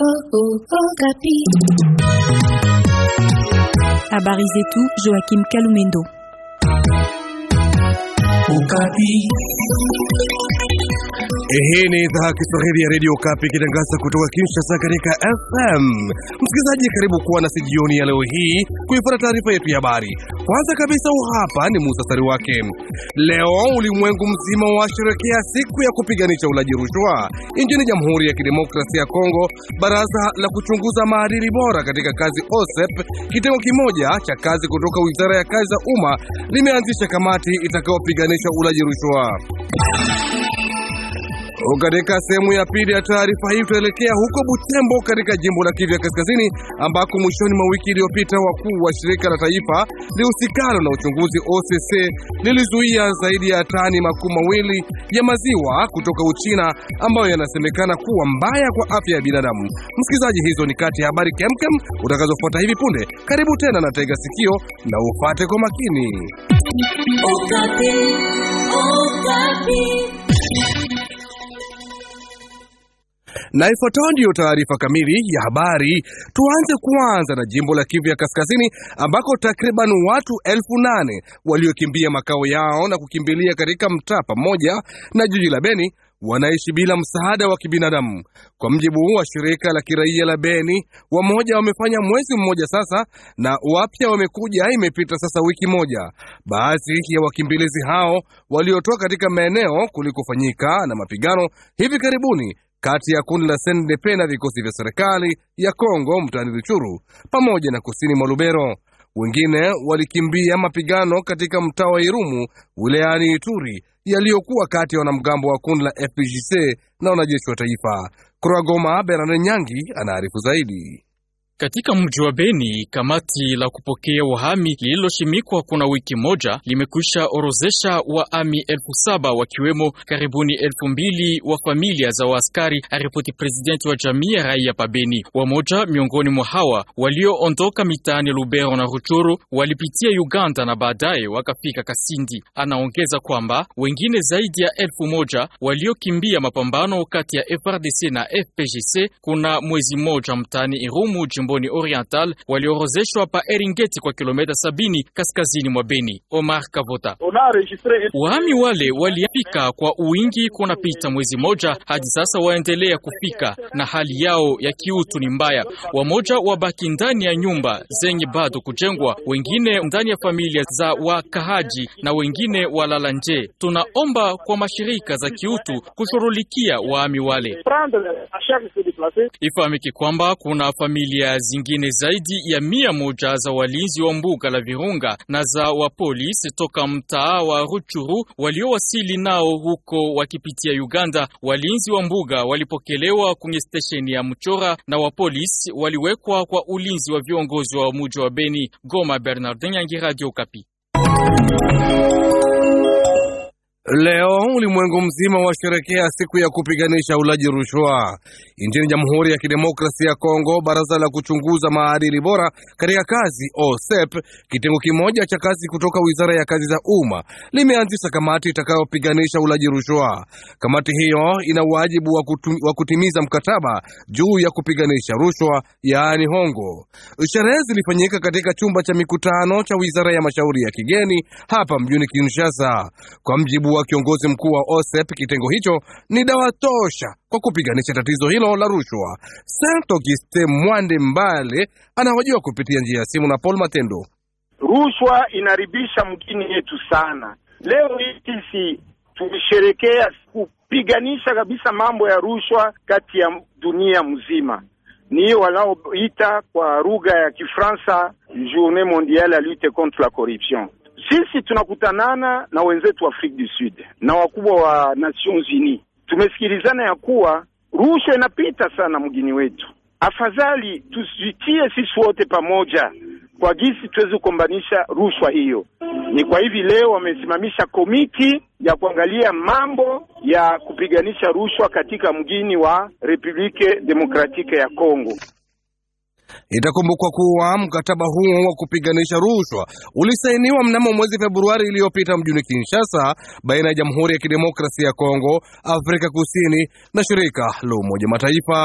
oh oh oh Capi. À Barizetou, Joachim Kalumendo. Oh Hii ni idhaa Kiswahili ya redio Kapi ikitangaza kutoka Kinshasa katika FM. Msikilizaji, karibu kuwa nasi jioni ya leo hii kuifuata taarifa yetu ya habari. Kwanza kabisa, hapa ni muhtasari wake. Leo ulimwengu mzima washerekea siku ya kupiganisha ulaji rushwa. Nchini Jamhuri ya Kidemokrasia ya Kongo, baraza la kuchunguza maadili bora katika kazi OSEP, kitengo kimoja cha kazi kutoka Wizara ya Kazi za Umma, limeanzisha kamati itakayopiganisha ulaji rushwa. Katika sehemu ya pili ya taarifa hii tutaelekea huko Butembo katika jimbo la Kivu ya Kaskazini, ambako mwishoni mwa wiki iliyopita wakuu wa shirika la taifa lihusikalo na uchunguzi OCC lilizuia zaidi ya tani makumi mawili ya maziwa kutoka Uchina ambayo yanasemekana kuwa mbaya kwa afya ya binadamu. Msikilizaji, hizo ni kati ya habari kemkem utakazofuata hivi punde. Karibu tena na tega sikio na ufate kwa makini. Okapi, Okapi na ifuatayo ndiyo taarifa kamili ya habari. Tuanze kwanza na jimbo la Kivu ya Kaskazini ambako takriban watu elfu nane waliokimbia makao yao na kukimbilia katika mtaa pamoja na jiji la Beni wanaishi bila msaada wa kibinadamu. Kwa mjibu wa shirika la kiraia la Beni, wamoja wamefanya mwezi mmoja sasa na wapya wamekuja, imepita sasa wiki moja. Baadhi ya wakimbilizi hao waliotoka katika maeneo kulikofanyika na mapigano hivi karibuni kati ya kundi la SNDP na vikosi vya serikali ya Kongo mtaani Ruchuru pamoja na kusini mwa Lubero. Wengine walikimbia mapigano katika mtaa wa Irumu wilayani Ituri yaliyokuwa kati ya wanamgambo wa kundi la fpgc na wanajeshi wa taifa. Kuragoma, Bernard Nyangi anaarifu zaidi. Katika mji wa Beni, kamati la kupokea wahami lililoshimikwa kuna wiki moja limekwisha orozesha ami elfu saba wakiwemo karibuni elfu mbili wa familia za waaskari, aripoti presidenti wa jamii ya raia pa Beni. Wamoja miongoni mwa hawa walioondoka mitaani Lubero na Ruchuru walipitia Uganda na baadaye wakafika Kasindi. Anaongeza kwamba wengine zaidi ya elfu moja waliokimbia mapambano kati ya FRDC na FPGC kuna mwezi moja mtaani Irumu jimboni Oriental waliorozeshwa pa Eringeti kwa kilomita sabini kaskazini mwa Beni. Omar Kavota: wahami wale walifika kwa kuna kunapita mwezi moja hadi sasa, waendelea kufika na hali yao ya kiutu ni mbaya. Wamoja wabaki ndani ya nyumba zenye bado kujengwa, wengine ndani ya familia za wakahaji na wengine walala nje. Tunaomba kwa mashirika za kiutu kushughulikia wahami wale. Ifahamike kwamba kuna familia zingine zaidi ya mia moja za walinzi wa mbuga la Virunga na za wa polisi toka mtaa wa Ruchuru waliowasili nao huko wakipitia Uganda. Walinzi wa mbuga walipokelewa kwenye stesheni ya Mchora na wa polisi waliwekwa kwa ulinzi wa viongozi wa muji wa Beni. Goma, Bernardin Yangi, Radio Kapi. Leo ulimwengu mzima washerekea siku ya kupiganisha ulaji rushwa. Nchini Jamhuri ya Kidemokrasia ya Kongo, baraza la kuchunguza maadili bora katika kazi OSEP, kitengo kimoja cha kazi kutoka wizara ya kazi za umma, limeanzisha kamati itakayopiganisha ulaji rushwa. Kamati hiyo ina wajibu wa kutimiza mkataba juu ya kupiganisha rushwa, yaani hongo. Sherehe zilifanyika katika chumba cha mikutano cha wizara ya mashauri ya kigeni hapa mjini Kinshasa. Kwa mjibu kuwa kiongozi mkuu wa OSEP kitengo hicho ni dawa tosha kwa kupiganisha tatizo hilo la rushwa. Saint Augustin Mwande Mbale anahojiwa kupitia njia ya simu na Paul Matendo. Rushwa inaribisha mkini yetu sana. Leo hii sisi tulisherekea kupiganisha kabisa mambo ya rushwa kati ya dunia mzima ni wanaoita kwa lugha ya Kifaransa Journée mondiale à lutte contre la corruption. Sisi tunakutanana na wenzetu wa Afrika du Sud na wakubwa wa Nations Unies, tumesikilizana ya kuwa rushwa inapita sana mgini wetu. Afadhali tusitie sisi wote pamoja kwa gisi tuweze kukombanisha rushwa hiyo. Ni kwa hivi leo wamesimamisha komiti ya kuangalia mambo ya kupiganisha rushwa katika mgini wa republike Demokratike ya Kongo. Itakumbukwa kuwa mkataba huo wa kupiganisha rushwa ulisainiwa mnamo mwezi Februari iliyopita mjini Kinshasa baina ya Jamhuri ya Kidemokrasia ya Kongo, Afrika Kusini na shirika la Umoja Mataifa.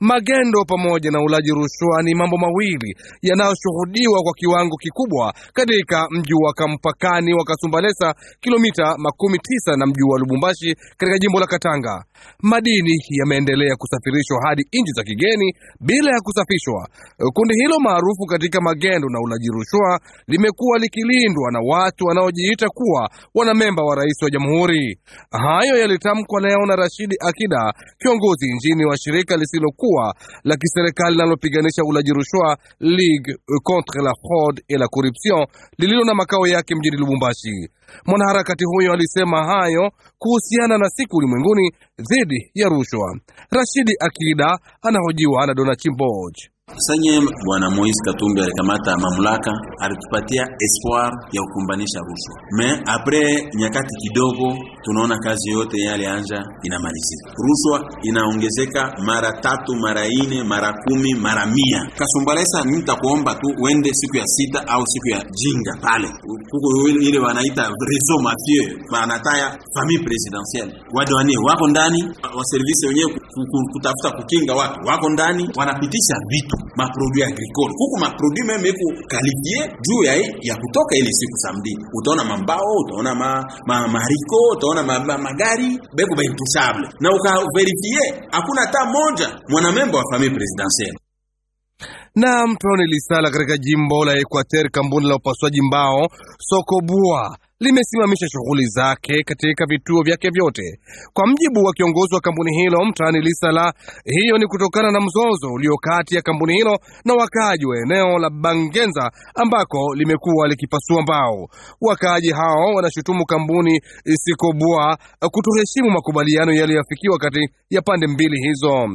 Magendo pamoja na ulaji rushwa ni mambo mawili yanayoshuhudiwa kwa kiwango kikubwa katika mji wa kampakani wa Kasumbalesa, kilomita makumi tisa na mji wa Lubumbashi katika jimbo la Katanga. Madini yameendelea kusafirishwa hadi nchi za kigeni bila ya kusafiri kuhamishwa. Kundi hilo maarufu katika magendo na ulaji rushwa limekuwa likilindwa na watu wanaojiita kuwa wanamemba wa rais wa jamhuri. Hayo yalitamkwa leo na Rashidi Akida, kiongozi nchini wa shirika lisilokuwa la kiserikali linalopiganisha ulaji rushwa, Ligue contre la fraude et la corruption, lililo na makao yake mjini Lubumbashi. Mwanaharakati huyo alisema hayo kuhusiana na siku ulimwenguni dhidi ya rushwa. Rashidi Akida anahojiwa na Dona Chimboj. Senye Bwana Moise Katumbi alikamata mamlaka, alitupatia espoir ya kukumbanisha rushwa, me apres nyakati kidogo tunaona kazi yote yale anja inamalizika, rushwa inaongezeka mara tatu mara ine mara kumi mara mia. Kasumbalesa, nitakuomba tu uende siku ya sita au siku ya jinga pale kuko ile wanaita reseau mafieux, wanataya famille presidentielle, wadwane wako ndani, waservisi wenyewe kutafuta kukinga watu wako ndani, wanapitisha vitu maproduit agricole huku maproduit meme iko kalifie juu ya ya kutoka ile siku samedi, utaona mambao, utaona ma, ma, mariko, utaona ma, ma, magari beko ba intouchable, na ukaverifie hakuna hata moja mwanamemba wa famille presidentielle. Na mpeoni lisala katika jimbo la Equateur, kampuni la upasuaji mbao Sokobua limesimamisha shughuli zake katika vituo vyake vyote, kwa mjibu wa kiongozi wa kampuni hilo mtaani Lisala. Hiyo ni kutokana na mzozo ulio kati ya kampuni hilo na wakaaji wa eneo la Bangenza ambako limekuwa likipasua mbao. Wakaaji hao wanashutumu kampuni Sikobwa kutoheshimu makubaliano yaliyoafikiwa kati ya pande mbili hizo.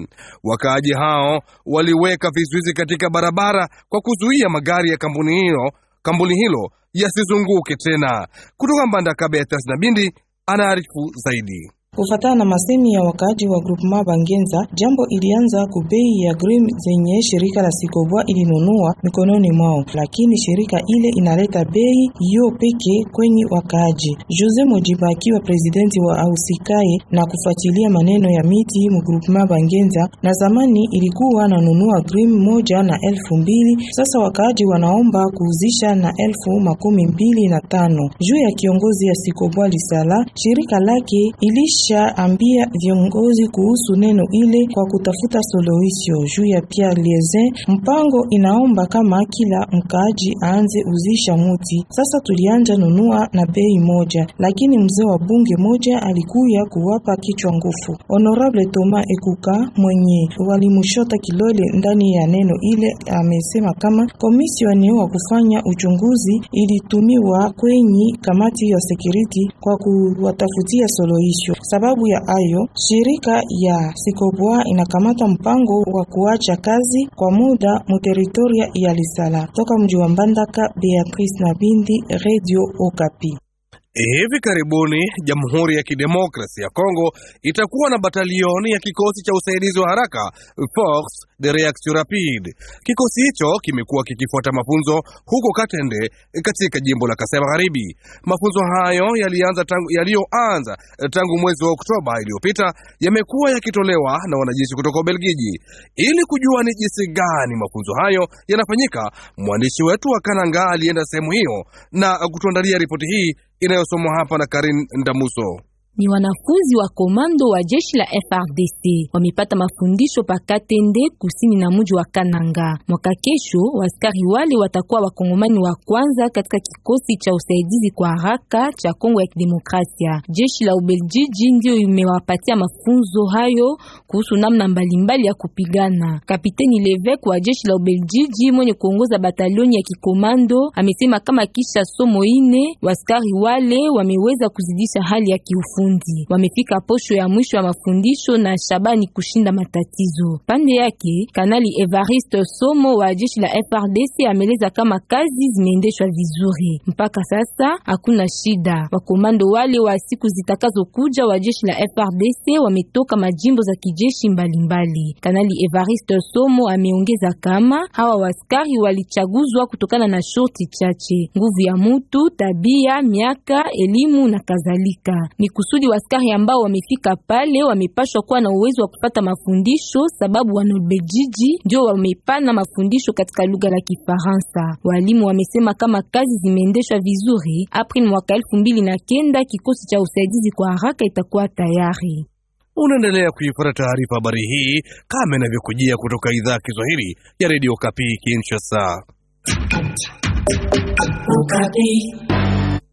Wakaaji hao waliweka vizuizi katika barabara kwa kuzuia magari ya kampuni hiyo kambuni hilo yasizunguke tena. Kutoka Mbandakabe ya Tasnabindi anaarifu zaidi. Kufatana na masemi ya wakaaji wa groupema Bangenza, jambo ilianza kubei ya grim zenye shirika la Sikobwa ilinunua mikononi mwao, lakini shirika ile inaleta bei hiyo peke kwenye wakaaji. Jose Mojiba akiwa presidenti wa Ausikae na kufuatilia maneno ya miti mu groupema Bangenza, na zamani ilikuwa nanunua grim moja na elfu mbili, sasa wakaaji wanaomba kuuzisha na elfu makumi mbili na tano. Juu ya kiongozi ya Sikobwa Lisala, shirika lake ilish ambia viongozi kuhusu neno ile kwa kutafuta suluhisho juu ya Pierre Liezin. Mpango inaomba kama kila mkaaji aanze uzisha muti. Sasa tulianja nunua na bei moja, lakini mzee wa bunge moja alikuya kuwapa kichwa ngufu. Honorable Thomas Ekuka mwenye walimushota kilole ndani ya neno ile amesema kama komisioni wa kufanya uchunguzi ilitumiwa kwenye kamati ya security kwa kuwatafutia suluhisho sababu ya ayo shirika ya Sikobwa inakamata mpango wa kuacha kazi kwa muda mu ya Lisala. Toka mji wa Mbandaka, Beatrice na Bindi, Radio Okapi. Hivi karibuni Jamhuri ya Kidemokrasia ya Kongo itakuwa na batalioni ya kikosi cha usaidizi wa haraka Force de Reaction Rapide. Kikosi hicho kimekuwa kikifuata mafunzo huko Katende katika jimbo la Kasai Magharibi. Mafunzo hayo yalianza tangu, yaliyoanza tangu mwezi wa Oktoba iliyopita yamekuwa yakitolewa na wanajeshi kutoka Ubelgiji. Ili kujua ni jinsi gani mafunzo hayo yanafanyika, mwandishi wetu wa Kananga alienda sehemu hiyo na kutuandalia ripoti hii inayosomwa hapa na Karin Ndamuso ni wanafunzi wa komando wa jeshi la FRDC wamepata mafundisho pa Katende kusini na mji wa Kananga. Mwaka kesho waskari wale watakuwa wakongomani wa kwanza katika kikosi cha usaidizi kwa haraka cha Kongo ya Kidemokrasia. Jeshi la Ubeljiji ndio imewapatia mafunzo hayo kuhusu namna mbalimbali ya kupigana. Kapiteni Levek wa jeshi la Ubeljiji mwenye kuongoza batalioni ya kikomando amesema kama kisha somo ine waskari wale wameweza kuzidisha hali ya kiufu mafundi. Wamefika posho ya mwisho ya mafundisho na Shabani kushinda matatizo. Pande yake, Kanali Evariste Somo wa jeshi la FRDC ameleza kama kazi zimeendeshwa vizuri mpaka sasa, hakuna shida. Wakomando wale wa siku zitakazokuja wa jeshi la FRDC wametoka majimbo za kijeshi mbalimbali mbali. Kanali Evariste Somo ameongeza kama hawa waskari walichaguzwa kutokana na shorti chache: nguvu ya mutu, tabia, miaka, elimu na kadhalika kusudi waskari ambao wamefika pale wamepashwa kuwa na uwezo wa kupata mafundisho, sababu wanobejiji ndio wamepana mafundisho katika lugha la Kifaransa. Walimu wamesema kama kazi zimeendeshwa vizuri, April mwaka elfu mbili na kenda kikosi cha usaidizi kwa haraka itakuwa tayari. Unaendelea kuifuata taarifa habari hii kama inavyokujia kutoka idhaa ya Kiswahili ya redio Kapi Kinshasa.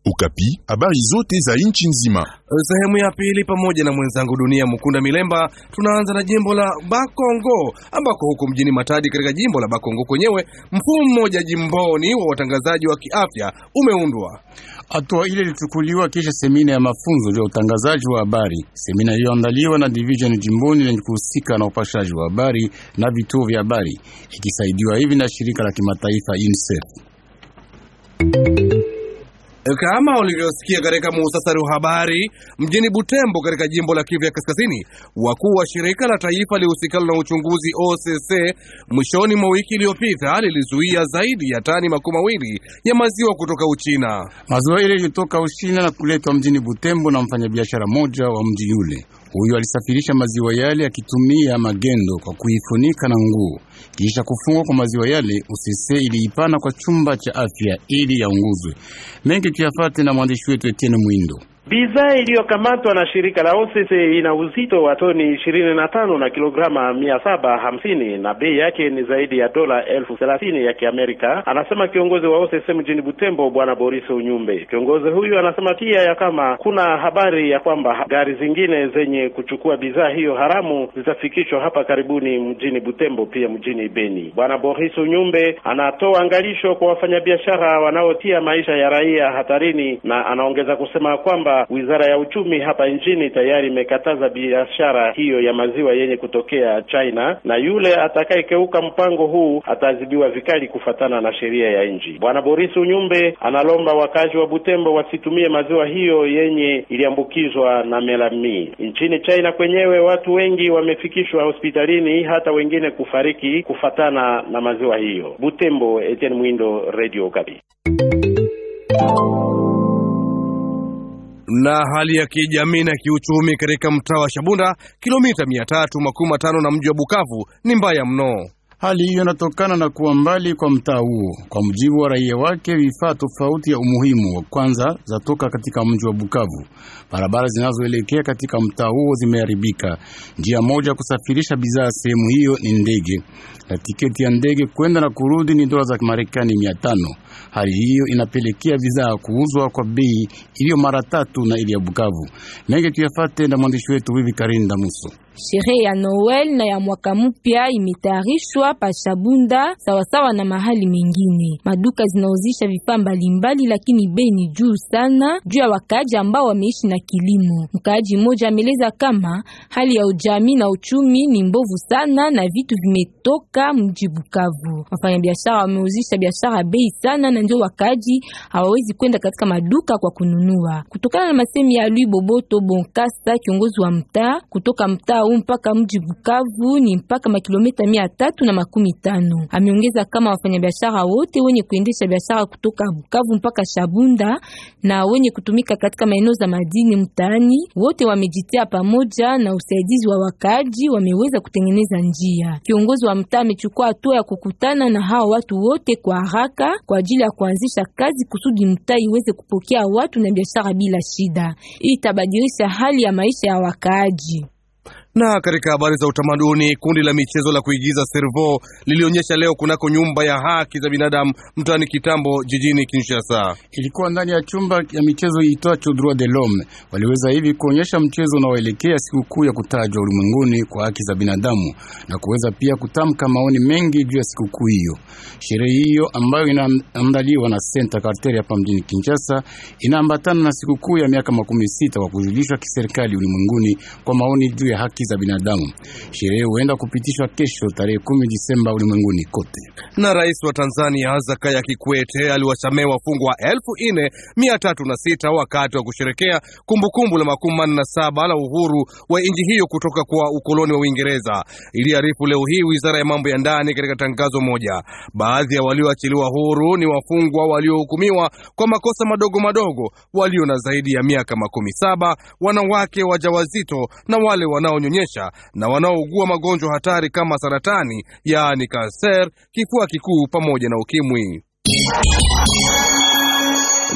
Ukapi, habari zote za nchi nzima. Sehemu ya pili pamoja na mwenzangu Dunia Mukunda Milemba. Tunaanza na jimbo la Bakongo ambako huko mjini Matadi katika jimbo la Bakongo kwenyewe mfumo mmoja jimboni wa watangazaji wa kiafya umeundwa. Hatua ile ilichukuliwa kisha semina ya mafunzo ya utangazaji wa habari, semina iliyoandaliwa na division jimboni lenye kuhusika na upashaji wa habari na vituo vya habari, ikisaidiwa hivi na shirika la kimataifa UNICEF. Kama ulivyosikia katika muhtasari wa habari, mjini Butembo katika jimbo la Kivu ya Kaskazini, wakuu wa shirika la taifa lihusikalo na uchunguzi OCC mwishoni mwa wiki iliyopita lilizuia zaidi ya tani makumi mawili ya maziwa kutoka Uchina. Maziwa ile ilitoka Uchina na kuletwa mjini Butembo na mfanyabiashara mmoja wa mji yule. Huyo alisafirisha maziwa yale akitumia magendo kwa kuifunika na nguo. Kisha kufungwa kwa maziwa yale, usese iliipana kwa chumba cha afya ili yaunguzwe. Mengi tuyafate na mwandishi wetu Etienne Mwindo. Bidhaa iliyokamatwa na shirika la OCC ina uzito wa toni ishirini na tano na kilograma mia saba hamsini na bei yake ni zaidi ya dola elfu thelathini ya Kiamerika, anasema kiongozi wa OCC mjini Butembo, Bwana Boris Unyumbe. Kiongozi huyu anasema pia ya kama kuna habari ya kwamba gari zingine zenye kuchukua bidhaa hiyo haramu zitafikishwa hapa karibuni mjini Butembo, pia mjini Beni. Bwana Boris Unyumbe anatoa angalisho kwa wafanyabiashara wanaotia maisha ya raia hatarini, na anaongeza kusema kwamba kwamba wizara ya uchumi hapa nchini tayari imekataza biashara hiyo ya maziwa yenye kutokea China, na yule atakayekeuka mpango huu ataadhibiwa vikali kufatana na sheria ya nchi. Bwana Boris Unyumbe analomba wakazi wa Butembo wasitumie maziwa hiyo yenye iliambukizwa na melami. Nchini China kwenyewe watu wengi wamefikishwa hospitalini, hata wengine kufariki kufatana na maziwa hiyo. Butembo, Etienne Mwindo, Radio you na hali ya kijamii na kiuchumi katika mtaa wa Shabunda, kilomita mia tatu makumi matano na mji wa Bukavu ni mbaya mno. Hali hiyo inatokana na kuwa mbali kwa mtaa huo. Kwa mujibu wa raia wake, vifaa tofauti ya umuhimu wa kwanza zatoka katika mji wa Bukavu. Barabara zinazoelekea katika mtaa huo zimeharibika. Njia moja kusafirisha bidhaa sehemu hiyo ni ndege, na tiketi ya ndege kwenda na kurudi ni dola za Marekani mia tano. Hali hiyo inapelekea bidhaa kuuzwa kwa bei iliyo mara tatu na ile ya Bukavu. Mengi tuyafate na mwandishi wetu Vivi Karinda Muso. Sherehe ya Noel na ya mwaka mpya imetayarishwa pa Shabunda sawasawa na mahali mengine. Maduka zinauzisha vifaa mbalimbali, lakini bei ni juu sana juu ya wakaaji ambao wameishi na kilimo. Mkaaji mmoja ameleza kama hali ya ujamii na uchumi ni mbovu sana na vitu vimetoka mji Bukavu. Wafanyabiashara wameuzisha biashara bei sana, na ndio wakaaji hawawezi kwenda katika maduka kwa kununua, kutokana na masemi ya Lui Boboto Bonkasa, kiongozi wa mtaa kutoka mtaa au mpaka mji Bukavu ni mpaka makilomita mia tatu na makumi tano. Ameongeza kama wafanyabiashara wote wenye kuendesha biashara kutoka Bukavu mpaka Shabunda na wenye kutumika katika maeneo za madini mtaani wote wamejitia pamoja na usaidizi wa wakaaji wameweza kutengeneza njia. Kiongozi wa mtaa amechukua hatua ya kukutana na hao watu wote kwa haraka kwa ajili ya kuanzisha kazi kusudi mtaa iweze kupokea watu na biashara bila shida. Hii itabadilisha hali ya maisha ya wakaaji. Na katika habari za utamaduni, kundi la michezo la kuigiza Servo lilionyesha leo kunako nyumba ya haki za binadamu mtaani Kitambo jijini Kinshasa. Ilikuwa ndani ya chumba ya michezo iitwacho Droit de l'Homme. Waliweza hivi kuonyesha mchezo unaoelekea sikukuu ya kutajwa ulimwenguni kwa haki za binadamu na kuweza pia kutamka maoni mengi juu ya sikukuu hiyo. Sherehe hiyo ambayo inaandaliwa na Center Carter hapa mjini Kinshasa inaambatana na sikukuu ya miaka makumi sita kwa kujulishwa kiserikali ulimwenguni kwa maoni juu ya haki haki za binadamu. Sherehe huenda kupitishwa kesho tarehe 10 Disemba ulimwenguni kote. Na rais wa Tanzania Hazza Jakaya Kikwete aliwasamea wafungwa elfu nne mia tatu na sita wakati wa kusherekea kumbukumbu la makumi manne na saba la uhuru wa nchi hiyo kutoka kwa ukoloni wa Uingereza, iliarifu leo hii wizara ya mambo ya ndani katika tangazo moja. Baadhi ya walioachiliwa huru ni wafungwa waliohukumiwa kwa makosa madogo madogo, walio na zaidi ya miaka makumi saba, wanawake wajawazito na wale wanao kunyesha na wanaougua magonjwa hatari kama saratani, yaani kanser, kifua kikuu pamoja na ukimwi.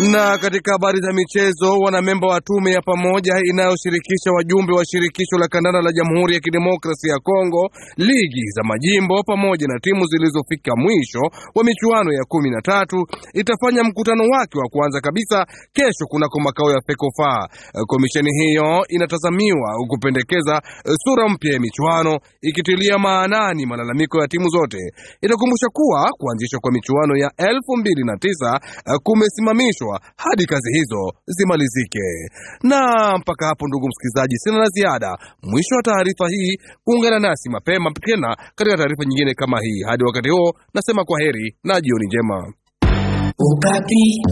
Na katika habari za michezo, wanamemba wa tume ya pamoja inayoshirikisha wajumbe wa shirikisho la kandanda la Jamhuri ya Kidemokrasia ya Kongo, ligi za majimbo pamoja na timu zilizofika mwisho wa michuano ya kumi na tatu itafanya mkutano wake wa kwanza kabisa kesho kunako makao ya Pekofa. Komisheni hiyo inatazamiwa kupendekeza sura mpya ya michuano ikitilia maanani malalamiko ya timu zote. Itakumbusha kuwa kuanzishwa kwa michuano ya elfu mbili na tisa kumesimamishwa kuharakishwa hadi kazi hizo zimalizike. Na mpaka hapo, ndugu msikilizaji, sina la ziada. Mwisho wa taarifa hii, kuungana nasi mapema tena katika taarifa nyingine kama hii. Hadi wakati huo, nasema kwa heri na jioni njema. Ukati.